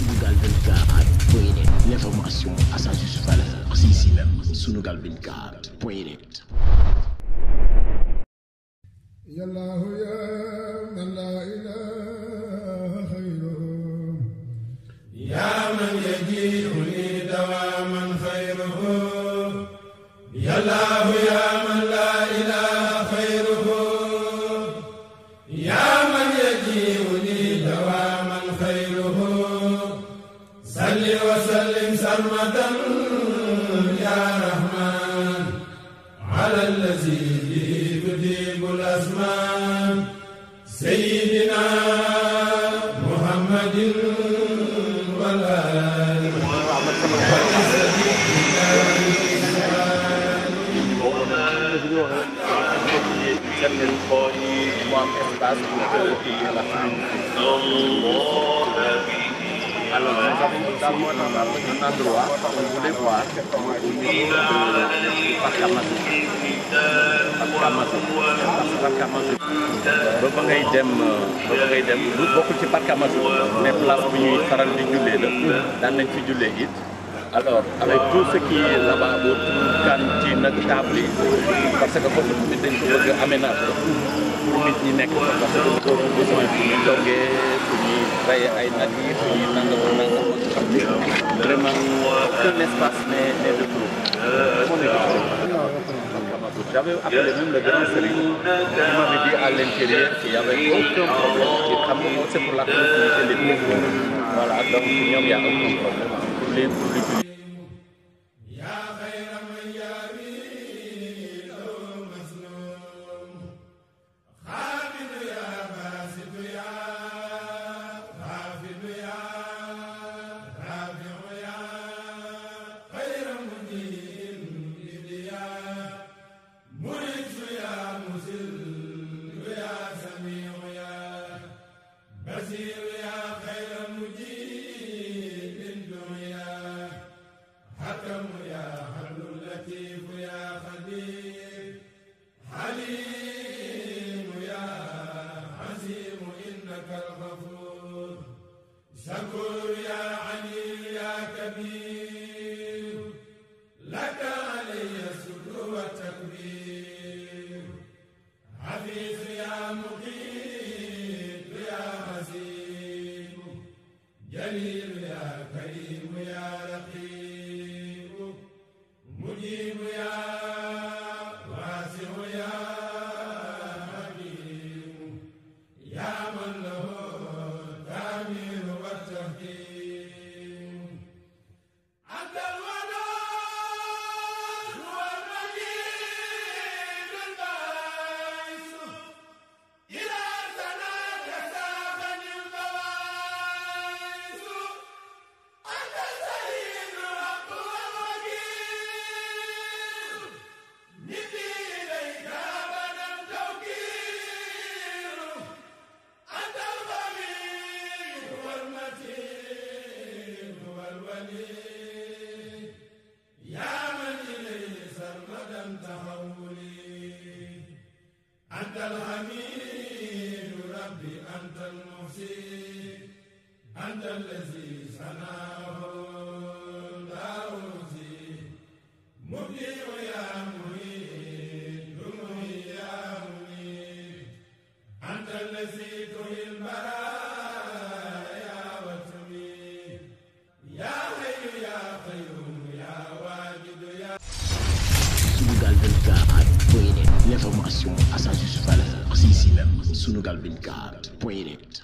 Sunugal 24 point net l'information à sa juste valeur c'est ici même Sunugal 24 point net yàllaahu yaa man laa ilaaha illa yaa man yajiibu li dawaa salli wa sallim sarmadan yaa rahmaan ala allazi tudibul asmaan sayyidina muhammadin wal aali من خير ومن بس الله alors daal moo tax daal on a droit on voulait voir ba ba ngay dem ba ba ngay dem lu ci Parc Amazonie mais place bu ñuy faral di jullee la daan nañ fi jullee it Alors, avec tout ce qui est là-bas, cantine ak table yi parce que foofu tamit dañ ko bëgg a aménager pour nit ñi nekk parce que foofu besoin fu ñuy toggee fu ñuy rayee ay nag yi fu ñuy nangam nangam ak xam ne vraiment aucun espace n'est n'est de trop. On est de trop. J'avais appelé même le grand Serigne qui m'avait dit à l'intérieur qu'il n'y avait aucun problème. C'est pour la continuité des présidents. Voilà, donc ñoom y a aucun problème. les produits publics. أنت الحميد ربي أنت المحسن أنت الذي صنعه داوزي مبدئ يا مهيد دمه يا منيب أنت الذي تهي البرايا وتميت يا حي يا قيوم يا واجد يا l'information à sa juste valeur. C'est ici même, sunugal24.net.